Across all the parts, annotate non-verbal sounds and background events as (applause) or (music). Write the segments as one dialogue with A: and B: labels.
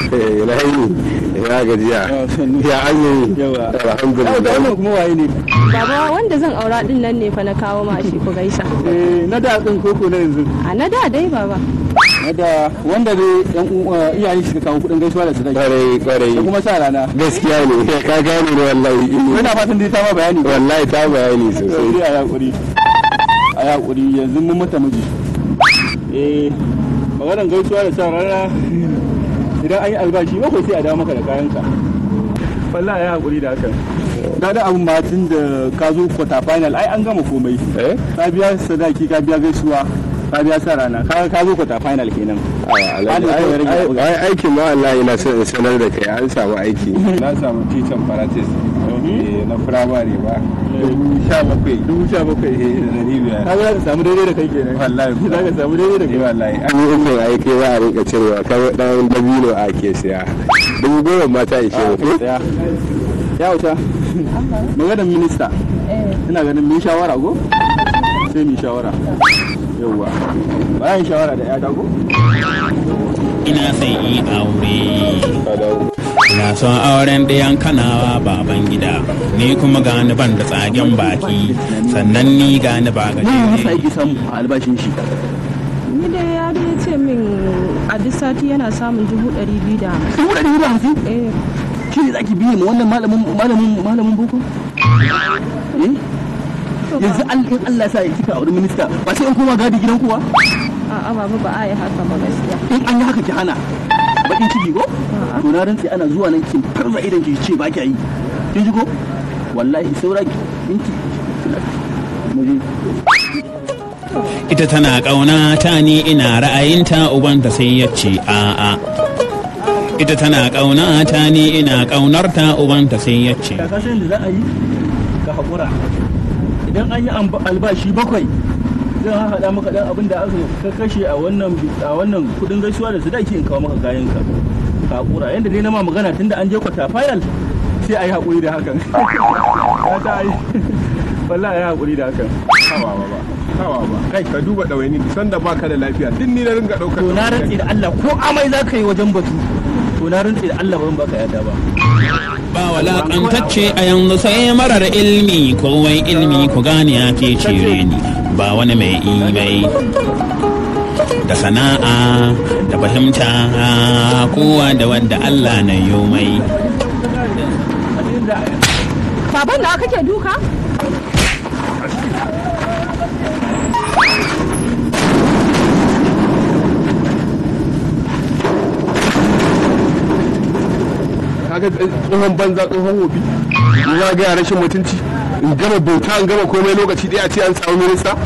A: eh
B: lahayi ya gajiya ya an yi alhamdulillah da wannan kuma waye ne baba wanda zan aura din nan ne fa na kawo ma shi ku gaisa eh na da din koko na yanzu a na da dai baba Na da wanda ne yan iyayen shi kawo kudin gaisuwa da sadaki kwarai kwarai da kuma sa rana gaskiya ne ka gane ne wallahi ina fatan dai ta ma bayani wallahi ta bayani sosai a yakuri a yakuri yanzu mun mata miji eh maganar gaisuwa da sa rana idan an yi albashi bakwai sai a dawo maka da kayanka falla ya hakuri da hakan ga da abun matin da ka zo kwata final ai an gama komai eh? ka biya sadaki ka biya gaisuwa ka biya sa rana ka ka zo kwata final kenan ah, aikin ma Allah yana sanar da kai an samu aiki (laughs) na samu titan paratis Eh, na firamare ba dubu sha bakwai dubu sha bakwai eh, da dari biyar ka za samu daidai da kai kenan wallahi za ka samu daidai da kai eh, wallahi an yi kai za a cirewa dan dabino a ke siya dubu goma ma ta ishe ku ah, ya wuta maganar minista ina ganin mun shawara go sai mu shawara yawwa bayan shawara da ya dago
A: ina sai yi aure na son auren ɗayan kanawa baban gida ni kuma gani ban da tsagen baki sannan ni gani ba ga ne masa yake samu albashin shi
B: ni da ya dai ce min a duk sati yana samun dubu ɗari biyu da hamsin dubu ɗari biyu da hamsin eh shi ne zaki biye ma wannan malamin malamin malamin boko eh yanzu in Allah sa ya kika a wurin minista ba sai in koma gadi gidan kowa a'a baba ba a yi haka ba gaskiya in an yi haka ki hana bakin ciki ko to na rantsi ana zuwa nan kin farza idan ki ce ba ki yi kin ji ko wallahi saura minti
A: ita tana kauna ta ni ina ra'ayinta ta sai ya ce a'a ita tana kauna ta ni ina kaunarta ta sai ya ce ka
B: da za a yi ka haƙura idan an yi albashi bakwai zan haɗa maka ɗan abin da aka kashe a wannan a wannan kuɗin gaisuwa da ke in kawo maka kayan ka kura yanda dai na ma magana tunda an je kwata final sai a yi haƙuri da hakan (laughs) ta yi (laughs) wallahi ya haƙuri da hakan hawa ba kawa ba kai ka duba ɗawaini san da baka da lafiya din ni na ringa ɗaukar to na rantsi da Allah ko amai za ka yi wajen batu to na rantsi da Allah ba baka yada ba ba walakantacce
A: a yanzu sai marar ilmi ko wai ilmi ku gane ya ce cire ni ba wani mai imai da sana'a da fahimta kowa da wanda Allah na yomai.
B: Baban da kake duka? haka tsohon banza tsohon hobi a gaya rashin mutunci in gama bauta in gama komai lokaci ɗaya a ce an samu minista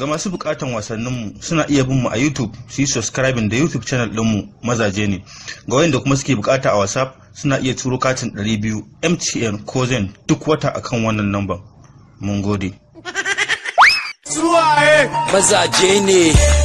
B: Ga masu bukatan wasanninmu suna iya bin mu a YouTube su yi subscribing da YouTube channel ɗinmu mazaje ne. Ga wayanda kuma suke bukata a WhatsApp suna iya turo katin 200 MTN ko Zen duk wata akan wannan lamba. Mun gode. Eh! Mazaje ne.